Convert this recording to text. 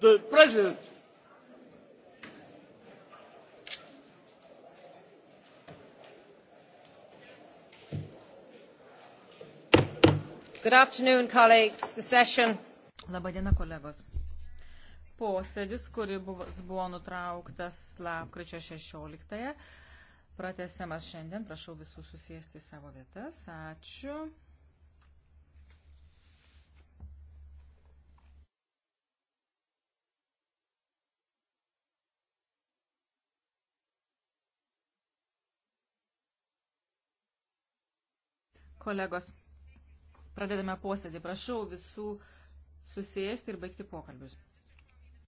the president. Good afternoon, colleagues. The session. Labadiena, kolegos. Posėdis, kuris buvo, buvo nutrauktas lapkričio 16, pratesiamas šiandien. Prašau visus susėsti savo vietas. Ačiū. kolegos, pradedame posėdį. Prašau visų susėsti ir baigti pokalbius.